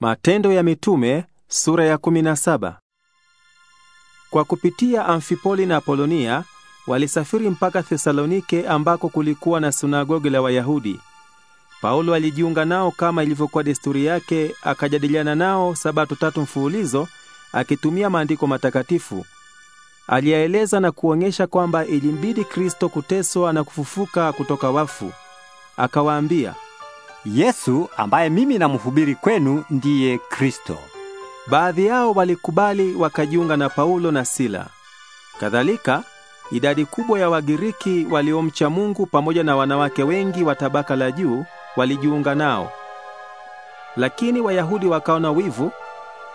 Matendo ya Mitume sura ya 17. Kwa kupitia Amfipoli na Apolonia walisafiri mpaka Thesalonike ambako kulikuwa na sunagogi la Wayahudi. Paulo alijiunga nao kama ilivyokuwa desturi yake, akajadiliana nao sabato tatu mfululizo akitumia maandiko matakatifu. Aliyaeleza na kuonyesha kwamba ilimbidi Kristo kuteswa na kufufuka kutoka wafu. Akawaambia, Yesu ambaye mimi namhubiri kwenu ndiye Kristo. Baadhi yao walikubali wakajiunga na Paulo na Sila. Kadhalika, idadi kubwa ya Wagiriki waliomcha Mungu pamoja na wanawake wengi wa tabaka la juu walijiunga nao. Lakini Wayahudi wakaona wivu,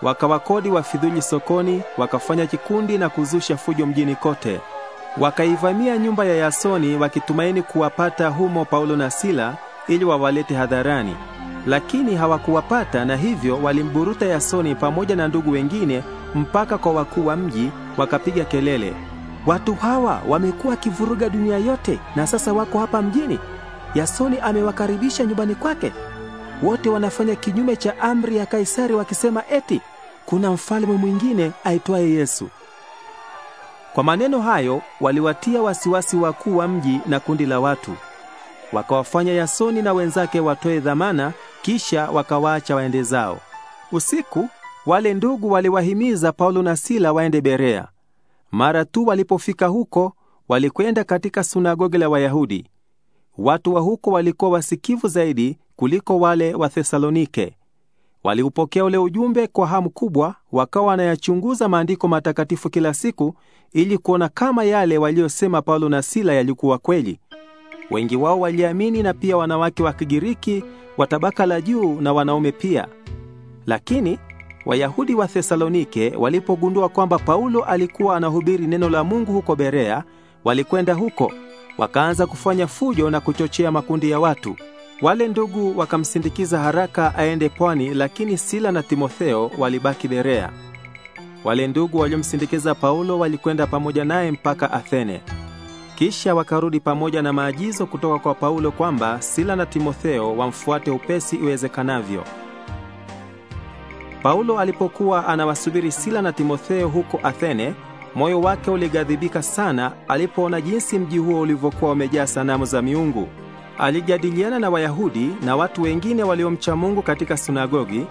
wakawakodi wafidhuli sokoni, wakafanya kikundi na kuzusha fujo mjini kote. Wakaivamia nyumba ya Yasoni wakitumaini kuwapata humo Paulo na Sila ili wawalete hadharani, lakini hawakuwapata, na hivyo walimburuta Yasoni pamoja na ndugu wengine mpaka kwa wakuu wa mji, wakapiga kelele, watu hawa wamekuwa wakivuruga dunia yote na sasa wako hapa mjini. Yasoni amewakaribisha nyumbani kwake. Wote wanafanya kinyume cha amri ya Kaisari, wakisema eti kuna mfalme mwingine aitwaye Yesu. Kwa maneno hayo waliwatia wasiwasi wakuu wa mji na kundi la watu wakawafanya Yasoni na wenzake watoe dhamana, kisha wakawaacha waende zao. Usiku wale ndugu waliwahimiza Paulo na Sila waende Berea. Mara tu walipofika huko, walikwenda katika sunagoge la Wayahudi. Watu wa huko walikuwa wasikivu zaidi kuliko wale wa Thesalonike. Waliupokea ule ujumbe kwa hamu kubwa, wakawa wanayachunguza maandiko matakatifu kila siku ili kuona kama yale waliyosema Paulo na Sila yalikuwa kweli. Wengi wao waliamini na pia wanawake wa Kigiriki wa tabaka la juu na wanaume pia. Lakini Wayahudi wa Thesalonike walipogundua kwamba Paulo alikuwa anahubiri neno la Mungu huko Berea, walikwenda huko, wakaanza kufanya fujo na kuchochea makundi ya watu. Wale ndugu wakamsindikiza haraka aende pwani, lakini Sila na Timotheo walibaki Berea. Wale ndugu waliomsindikiza Paulo walikwenda pamoja naye mpaka Athene. Kisha wakarudi pamoja na maagizo kutoka kwa Paulo kwamba Sila na Timotheo wamfuate upesi iwezekanavyo. Paulo alipokuwa anawasubiri Sila na Timotheo huko Athene, moyo wake ulighadhibika sana alipoona jinsi mji huo ulivyokuwa umejaa sanamu za miungu. Alijadiliana na Wayahudi na watu wengine waliomcha Mungu katika sunagogi,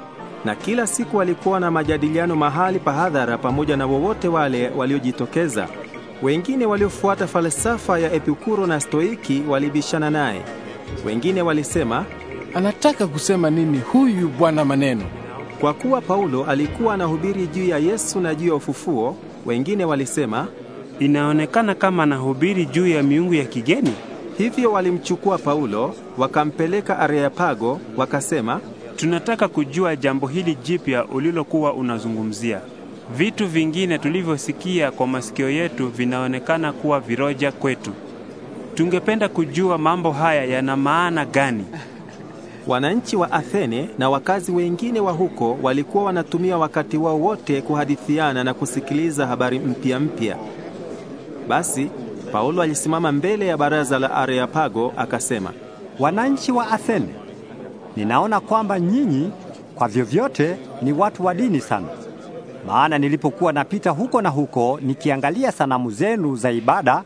na kila siku alikuwa na majadiliano mahali pa hadhara pamoja na wowote wale waliojitokeza. Wengine waliofuata falsafa ya Epikuro na Stoiki walibishana naye. Wengine walisema, anataka kusema nini huyu bwana maneno? Kwa kuwa Paulo alikuwa anahubiri juu ya Yesu na juu ya ufufuo, wengine walisema, inaonekana kama anahubiri juu ya miungu ya kigeni. Hivyo walimchukua Paulo wakampeleka Areopago, wakasema, tunataka kujua jambo hili jipya ulilokuwa unazungumzia. Vitu vingine tulivyosikia kwa masikio yetu vinaonekana kuwa viroja kwetu. Tungependa kujua mambo haya yana maana gani? Wananchi wa Athene na wakazi wengine wa huko walikuwa wanatumia wakati wao wote kuhadithiana na kusikiliza habari mpya mpya. Basi Paulo alisimama mbele ya baraza la Areopago akasema, wananchi wa Athene, ninaona kwamba nyinyi kwa vyovyote ni watu wa dini sana. Maana nilipokuwa napita huko na huko nikiangalia sanamu zenu za ibada,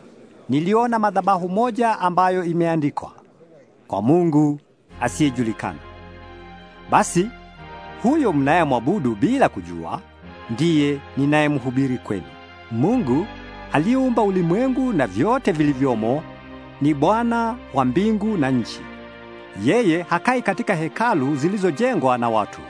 niliona madhabahu moja ambayo imeandikwa kwa Mungu asiyejulikana. Basi huyo mnayemwabudu bila kujua ndiye ninayemhubiri kwenu. Mungu aliyeumba ulimwengu na vyote vilivyomo ni Bwana wa mbingu na nchi. Yeye hakai katika hekalu zilizojengwa na watu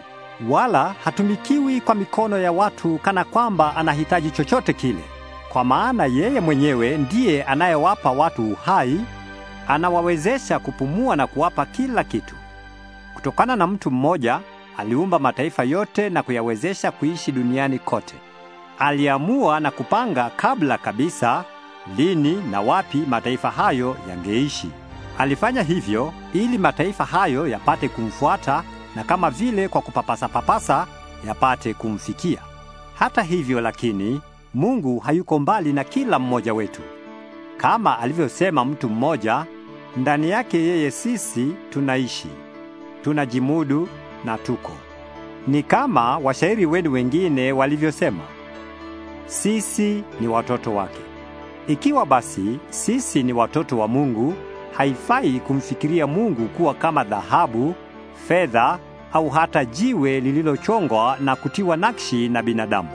wala hatumikiwi kwa mikono ya watu kana kwamba anahitaji chochote kile, kwa maana yeye mwenyewe ndiye anayewapa watu uhai, anawawezesha kupumua na kuwapa kila kitu. Kutokana na mtu mmoja aliumba mataifa yote na kuyawezesha kuishi duniani kote. Aliamua na kupanga kabla kabisa lini na wapi mataifa hayo yangeishi. Alifanya hivyo ili mataifa hayo yapate kumfuata na kama vile kwa kupapasa papasa yapate kumfikia. Hata hivyo lakini, Mungu hayuko mbali na kila mmoja wetu. Kama alivyosema mtu mmoja, ndani yake yeye sisi tunaishi, tunajimudu na tuko. Ni kama washairi wenu wengine walivyosema, sisi ni watoto wake. Ikiwa basi sisi ni watoto wa Mungu, haifai kumfikiria Mungu kuwa kama dhahabu fedha au hata jiwe lililochongwa na kutiwa nakshi na binadamu.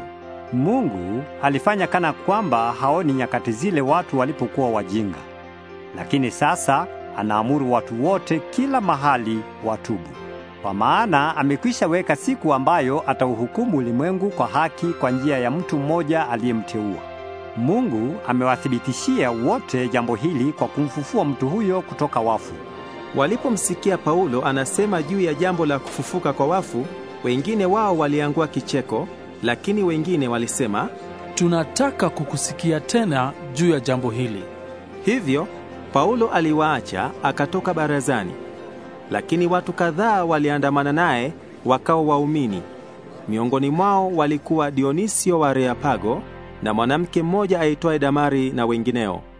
Mungu alifanya kana kwamba haoni nyakati zile watu walipokuwa wajinga, lakini sasa anaamuru watu wote kila mahali watubu, kwa maana amekwisha weka siku ambayo atauhukumu ulimwengu kwa haki kwa njia ya mtu mmoja aliyemteua. Mungu amewathibitishia wote jambo hili kwa kumfufua mtu huyo kutoka wafu. Walipomsikia Paulo anasema juu ya jambo la kufufuka kwa wafu, wengine wao waliangua kicheko, lakini wengine walisema, tunataka kukusikia tena juu ya jambo hili. Hivyo Paulo aliwaacha akatoka barazani, lakini watu kadhaa waliandamana naye wakawa waumini. Miongoni mwao walikuwa Dionisio wa Areopago na mwanamke mmoja aitwaye Damari na wengineo.